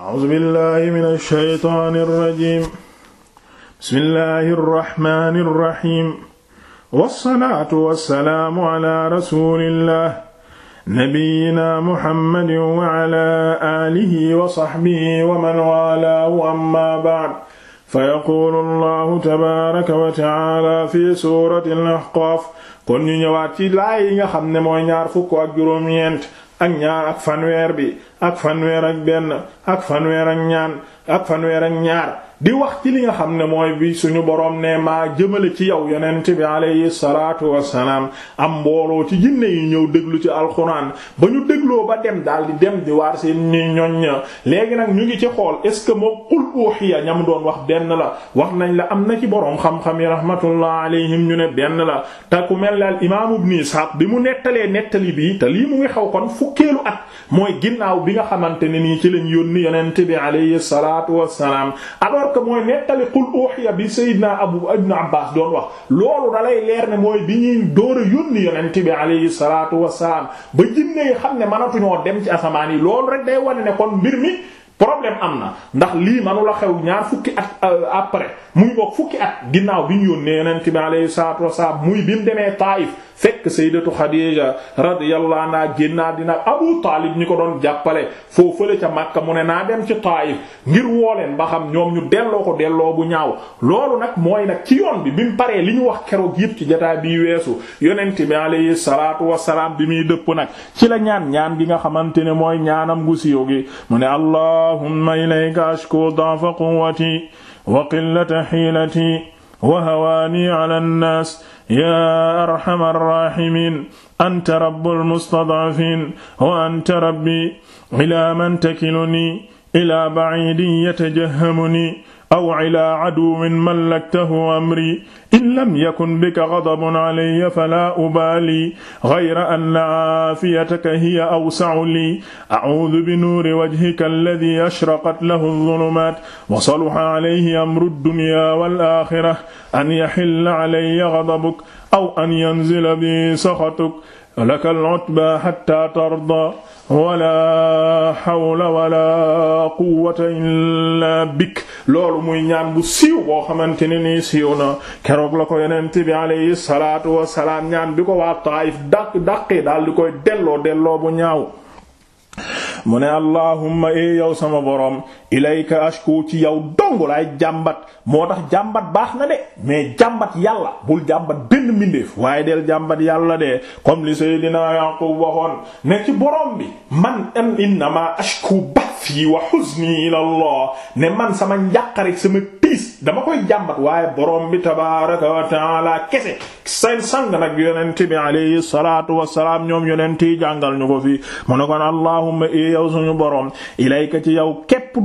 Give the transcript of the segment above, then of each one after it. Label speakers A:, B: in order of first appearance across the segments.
A: A'uuzu billaahi mina shaytaani rajiim. Bismillaahi rahmaani rahiim. Wassalaatu wassalaamu alaa rasuulillaah nabiyyinaa Muhammadin wa alaa aalihi wa sahbihi wa man waalaahu ammaa ba'd. Fayaquulu Allaahu tabaaraka wa ta'aalaa fii suuratil Ahqaaf kon ñu ñëwaat ci laay yi nga xam ne mooy ñaar fukk ak juróom-ñeent. ak ñaar ak fanweer bi ak fanweer ak benn ak fanweer ak ñaan ak fanweer ak ñaar di wax ci li nga xam ne mooy bi suñu boroom ne maa jëmale ci yow yonent bi alayhi salaatu wassalaam am mbooloo ci jinne yi ñëw déglu ci alxuraan ba ñu dégloo ba dem daal di dem di waar seen ni ñoñ ña léegi nag ñu ngi ci xool est ce que moom ña uhiya doon wax benn la wax nañ la am na ci boroom xam-xam yi rahmatullah ñu ne benn la te ku mel ne al imaam ibn Ishaq bi mu nettalee nettali bii te lii mu ngi xaw kon fukkeelu at mooy ginnaaw bi nga xamante ne nii ci lañ yónni yonent bi alayhi salaatu salaatu wassalaam alors que mooy nettali qul uhiya bi sayyidina abu ibn abbas doon wax loolu da lay leer ne mooy bi ñuy dóor a yónni yonent bi alayhi salaatu wassalaam ba jinne yi xam ne mënatuñoo dem ci asamaan yi loolu rek day wane ne kon mbir mi problème am na ndax lii manu la xew ñaar fukki at euh, après muy bokk fukki at ginnaaw bi ñu yónnee yonent bi alayhi salaatu wasalaam muy bi mu demee Taayif fekk sayyidatu Xadiija radiyallahu anha génnaa dina Abu Taalib ñi ko doon jàppale foofale ca Makka mu ne naa dem ci Taayif ngir woo leen ba xam ñoom ñu delloo ko delloo bu ñaaw loolu nag mooy nag ci yoon bi bi mu paree li ñu wax keroog yëpp ci jotaay bii weesu yonent bi alayhi salaatu wasalaam bi muy dëpp nag ci la ñaan ñaan gi nga xamante ne mooy ñaanam gu siiw gi mu ne Allah allahumma ilayka ashku da'fa quwwati wa qillata hiilati wa hawaani ala an-naas yaa arhamar raahimiin anta rabbul mustad'afiin wa anta rabbi ilaa man takilunii ilaa ba'iidin yatajahamuni aw ilaa aduwwin mallaktahu amri in lam yakun bika ghadabun alayya falaa ubaali ghayra anna aafiyataka hiya awsa'u lii a'uudhu bi nuuri wajhika alladhii ashraqat lahu adh-dhulumaat wa saluha alayhi amru ad-dunyaa wal-aakhirah an yahilla alayya ghadabuka aw an yanzila bi sakhatuk laka al-utba tarda wala hawla wala quwwata illa bik loolu muy ñaan bu siiw boo xamante ni nii siiw na keroog la ko yonent bi alayhi salaatu wasalaam ñaan bi waa Taayif dàq dàqee daal di koy delloo delloo bu ñaaw mu ne allahumma e yow sama borom ilayka ashku ci yow dong laay jàmbat moo tax jàmbat baax na le mais jàmbat yàlla bul jàmbat benn mbindeef waaye del jàmbat yàlla de comme li Seydina Yaqub waxoon ne ci borom bi man am innama ashku bathi wa huzni ila ne man sama njàqare sama tiis dama koy jàmbat waaye borom bi tabaaraka wa ta'ala kese seen sang nag yonent bi alayhi salaatu wa salaam ñoom yonent yi jàngal ko fi mu ne kon allahumma eh yow suñu boroom ilayka ci yow képp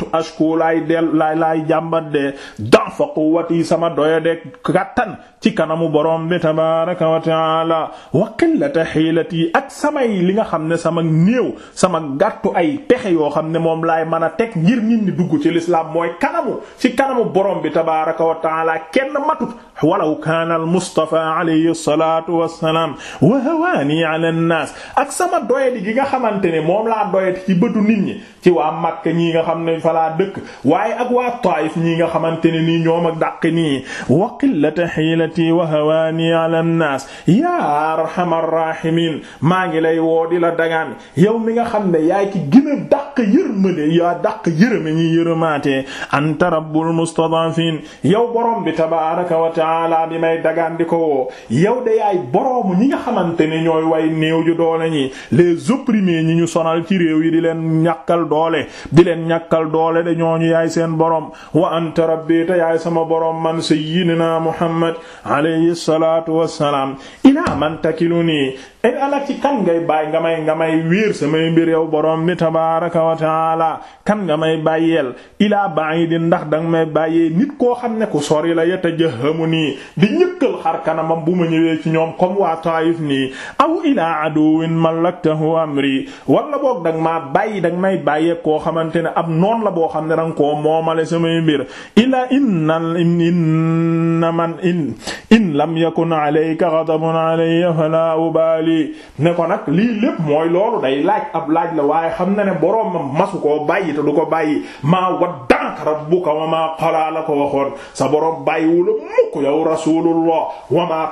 A: kuntu ashku laay del laay laay jàmbat de dan fa quwwati sama doya de kàttan ci kanamu borom bi tabaraka wa taala wa qillata hiilati ak samay li nga xam ne sama néew sama gàttu ay pexe yoo xam ne moom laay mën a teg njir nit ñi dugg ci lislaam mooy kanamu ci kanamu borom bi tabaraka wa taala kenn matut walaw kaana al mustafa alayhi salatu wassalaam wa hawaani ala nnaas ak sama doyadi gi nga xamante ne moom laa doyati ci bëtu nit ñi ci waa Makka ñi nga xam ne falaa dëkk waaye ak waa Taayif ñii nga xamante ne nii ñoom ak dàq nii wa qillata hiilati wa hawaani ala nnaas yaa arhamar raahimiin maa ngi lay woo di la dagaan yow mi nga xam ne yaay ci gën a dàq yërmande yaa dàq yërëme ñi yërëmaatee anta rabbul mustadafin yow borom bi tabaaraka wa taala bi may dagaan di ko yow de yaay boroomu ñi nga xamante ne ñooy way néew ju doole ñi les opprimés ñi ñu sonal ci réew yi di leen ñàkkal doole di leen ñàkkal doole de ñooñu yaay seen borom wa anta rabbi yaay sama borom man sayyidina muhammad alayhi salaatu wassalaam ilaa man takiluni in eh, alak ci kan ngay bàyyi nga may nga may wéer samay mbir yow borom mi tabaaraka wa taala kan nga may bàyyeel ilaa ba'id ndax danga may bàyyee nit koo xam ne ku sori la yet a yatajahamu ni di ñëkkal xar kanamam bu ma ñëwee ci ñoom comme waa Taayif nii aw ilaa aduwin malaktahu amri wala boog danga ma bàyyi danga may bàyyee koo xamante ne ab noon la boo xam ne danga ko moomale samay mbir ilaa inna inna man in in lam yakun alayka ghadabun alayya fala ubali di ne ko nag lii lépp mooy loolu day laaj ab laaj la waaye xam na ne boroomam masu koo bàyyi te du ko bàyyi maa wadda'aka rabbuka wa maa qalaa la ko waxoon sa boroom bàyyiwula mukk yow rasulullah wa maa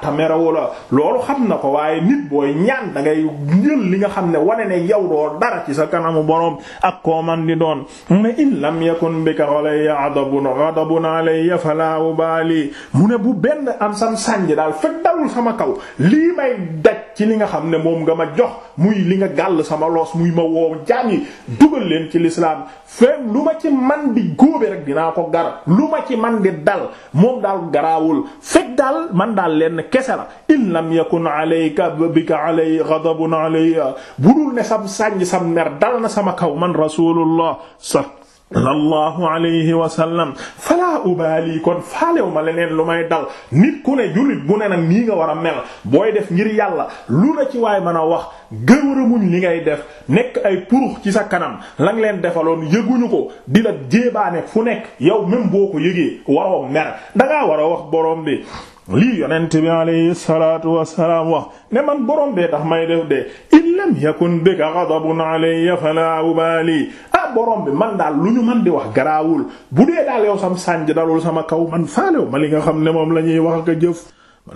A: te merawu loolu xam na ko waaye nit booy ñaan da ngay jël li nga xam ne wane ne yow doo dara ci sa kanamu borom ak koo man di doon mu ne in lam yakun bika alayya ghadabun ghadabun alayya fala ubali mu ne bu benn am sam sànj daal fekk dalul sama kaw lii may daj ci li nga xam ne moom nga ma jox muy li nga gàll sama loos muy ma woo jaam dugal leen ci lislaam feem lu ma ci man di góobe rek dinaa ko gar lu ma ci man di dal moom daal garaawul fekk man daal leen kese la in lam yakun alayka bika alay ghadabun alayya budul ne sam sànj sam mer dal na sama kaw man rasulullah sallallahu alayhi wa fa fala ubali kon faalew ma leneen lu may dal nit ku ne jullit bu ne nag nii nga war a mel booy def ngir yàlla lu la ci waay mën a wax gëwër muñ li ngay def nekk ay purux ci sa kanam lang leen defaloon yëguñu ko di la jéebaane fu nekk yow même boo ko yëgee waroo mer dangaa war a wax borom bi lii yonent bi alayhi salaatu wassalaam wax ne man borom bee tax may def de in lam yakun bika ghadabun alayya fala ubali borom bi man daal lu ñu man di wax garaawul bu dee daal yow sam sànj dalul sama kaw man faalew ma li nga xam ne moom la ñuy wax a a jëf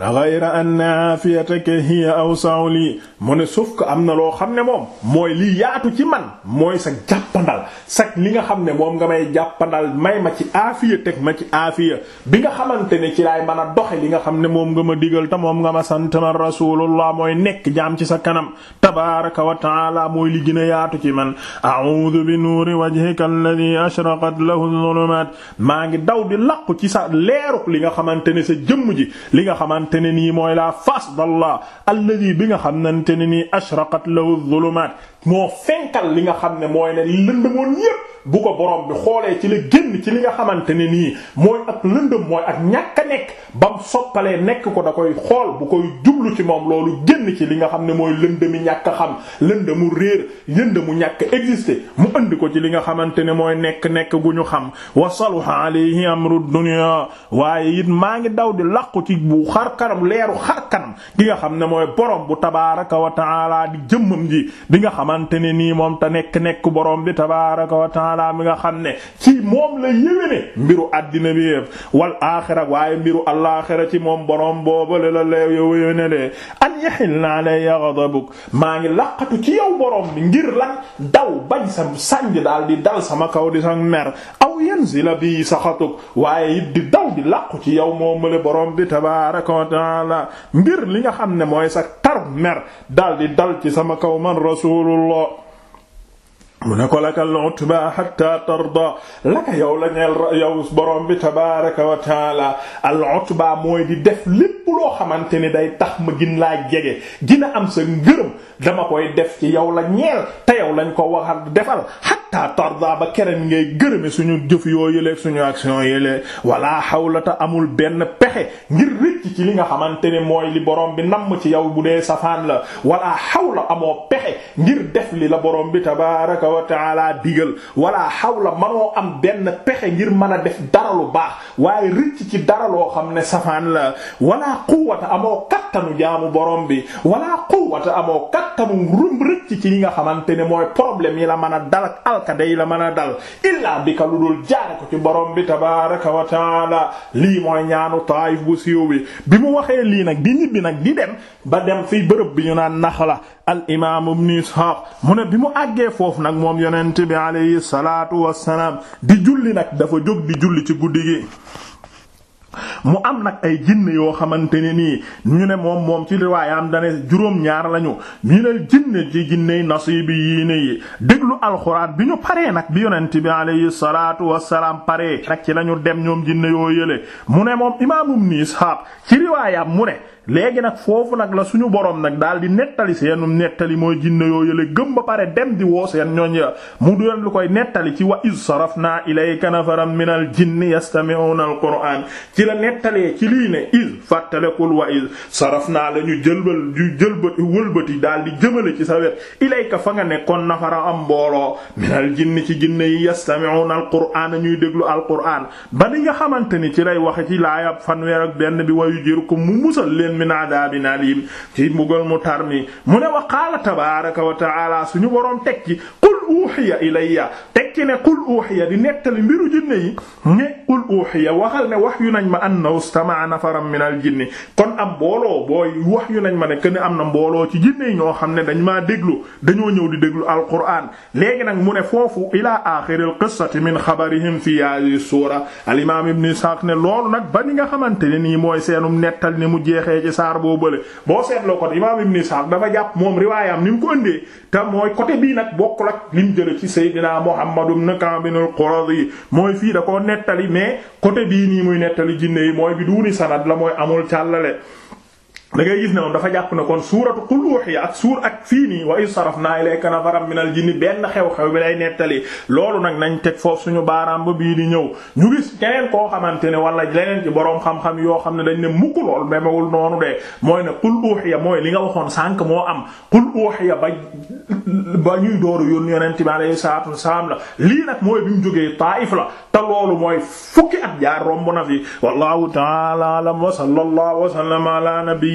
A: ghayra anna aafiyataka hiya awsa'u lii mu ne sauf am na loo xam ne moom mooy li yaatu ci man mooy sa jàppandal sa li nga xam ne moom nga may jàppandal may ma ci aafiya teg ma ci aafiya bi nga xamante ne ci laay mën doxe li nga xam ne moom nga ma digal te moom nga ma sant ma rasulullah mooy nekk jaam ci sa kanam tabaaraka wa taala mooy li gën yaatu ci man a a'udhu bi nuuri wajhika alladhi ashraqat lahu la dhulumat maa ngi daw di laqu ci sa leeruk li nga xamante ne sa jëmm ji li nga xamante xamante ne nii mooy la face d'Allah alladi bi nga xamante ne nii ashraqat lahu dhulumat moo fenkal li nga xam ne mooy ne lëndëmoon yépp bu ko borom bi xoolee ci la génn ci li nga xamante ne nii mooy ak lëndëm mooy ak ñàkk a nekk bam soppalee nekk ko da koy xool bu koy jublu ci moom loolu génn ci li nga xam ne mooy lëndëmi ñàkk a xam mu réer lëndëmu ñàkk a exister mu andi ko ci li nga xamante ne mooy nekk nekk gu ñu xam wa saluha alayhi amru dunya waaye it maa ngi daw di làqu ci bu xar kanam leeru xar kanam gi nga xam ne mooy borom bu tabaaraka wa ta'ala di jëmmam ji xamante ne nii moom ta nekk-nekk boroom bi tabaaraka wa taala mi nga xam ne ci moom la yéwéne mbiru àddina bi yépp wal waaye mbiru allaaxira ci moom borom boobale la la yéwéne de an yahilla alayya ghadabuk maa ngi laqatu ci yow borom bi ngir lan daw bañ sa sànj daal di dal sama kaw di sa mer yanzila bi saxatuk waaye it di daw di làqu ci yow moo mële borom bi tabaaraka wa taala mbir li nga xam ne mooy sa tar mer dal di dal ci sama kaw man rasulullah mu ne ko laka al-utba hatta tarda laka yow la ñeel al-utba mooy di def lépp loo xamante ni day tax ma gin laa jege gina am sa ngërëm dama koy def ci yow la ñeel te yow lañ ko waxal defal hatta tarda ba kerem ngay gërëme suñu jëf yoo yëleeg suñu action yëlee wala xawlata amul benn pexe ngir rëcc ci li nga xamante ne mooy li borom bi namm ci yow bu dee safaan la wala xawla amoo pexe ngir def li la borom bi tabaraka wa taala digal wala xawla manoo am benn pexe ngir mën a def dara baax waaye rëcc ci xam ne safaan la amoo kattanu jaamu borom bi wala quwwata ci li nga xamante ne mooy problème yi la mën a dal alka day la mën a dal illaa bi ka lu dul jaare ko ci borom bi tabaraka wa taala lii mooy ñaanu taayif bu siiw bi bi mu waxee lii nag di ñibbi nag di dem ba dem fi bërëb bi ñu naan Naxla al imaam ibn Isxaaq mu ne bi mu àggee foofu nag moom yonent bi alayhi salaatu wassalaam di julli nag dafa jóg di julli ci guddi gi mu am nag ay jinne yoo xamante ne nii ñu ne moom moom ci riwaayam dane juróom-ñaar lañu ñu ne jinne ci jinne nasibi yii ne yi déglu alxuraan bi ñu paree nag bi yonent bi alayhi salaatu wassalaam paree rek ci lañu dem ñoom jinne yoo yële mu ne moom imaamum ni Isxaaq ci riwaayam mu ne léegi nag foofu nag la suñu borom nag daal di nettali seenum nettali mooy jinne yoo yële gëm ba pare dem di woo seen ñooñ ya mu doon lu koy nettali ci wa iz naa ilayka nafaran minal jinni yastami'una al-qur'an ci la nettalee ci lii ne iz wa iz sarafna la ñu jëlbal ñu jëlbati daal di jëmale ci sa wet ilayka fa nga nekkoon nafara am mbooloo minal jinni ci jinne yi yastami'una al ñuy déglu al-qur'an ba li nga xamante ni ci lay waxe ci laayab fanweer ak benn bi wayu jër ko mu musal leen leen min adabin alim ci mbugal mu tar mi mu ne wa qaala tabaaraka wa ta'aala suñu boroom teg ci qul uhiya ilayya tekki ne qul uhiya di nettali mbiru jinne yi ne qul uhiya waxal ne wax nañ ma annahu istama'a nafara min al jinni kon am mbooloo booy wax yu nañ ma ne ken am na mbooloo ci jinne yi ñoo xam ne dañ maa déglu dañoo ñëw di déglu alquran léegi nag mu ne foofu ila axiri al qissati min xabarihim fi hadhihi suura al imam ibn Ishaq ne loolu nag ba ni nga xamante ne nii mooy seenum nettal ni mu jeexee ci saar boo bële boo seetloo kon imam ibn Ishaq dafa jàpp moom riwaayam ni ko ëndee te mooy côté bii nag bokkul ak lim Muhammad ibn Ka'b al-Quradi mooy fii da ko nettali mais côté bii nii muy nettali jinne yi mooy bi duuni sanad la mooy amul càllale da ngay gis ne moom dafa jàpp ne kon suuratu qul uhiya ak suur ak fii nii wa sarafnaa ilayka nafaran minal jinni benn xew-xew bi nettali loolu nag nañ teg foofu suñu baaraam ba bii di ñëw ñu gis keneen koo xamante ne wala leneen ci boroom xam-xam yoo xam ne dañ ne mukk lool memewul noonu de mooy ne qul uhiya mooy li nga waxoon sànq moo am qul uhiya ba ba ñuy dooru yoon yonent bi alayhi salaatu wasalaam la lii nag mooy bi mu jógee la te loolu mooy fukki at jaar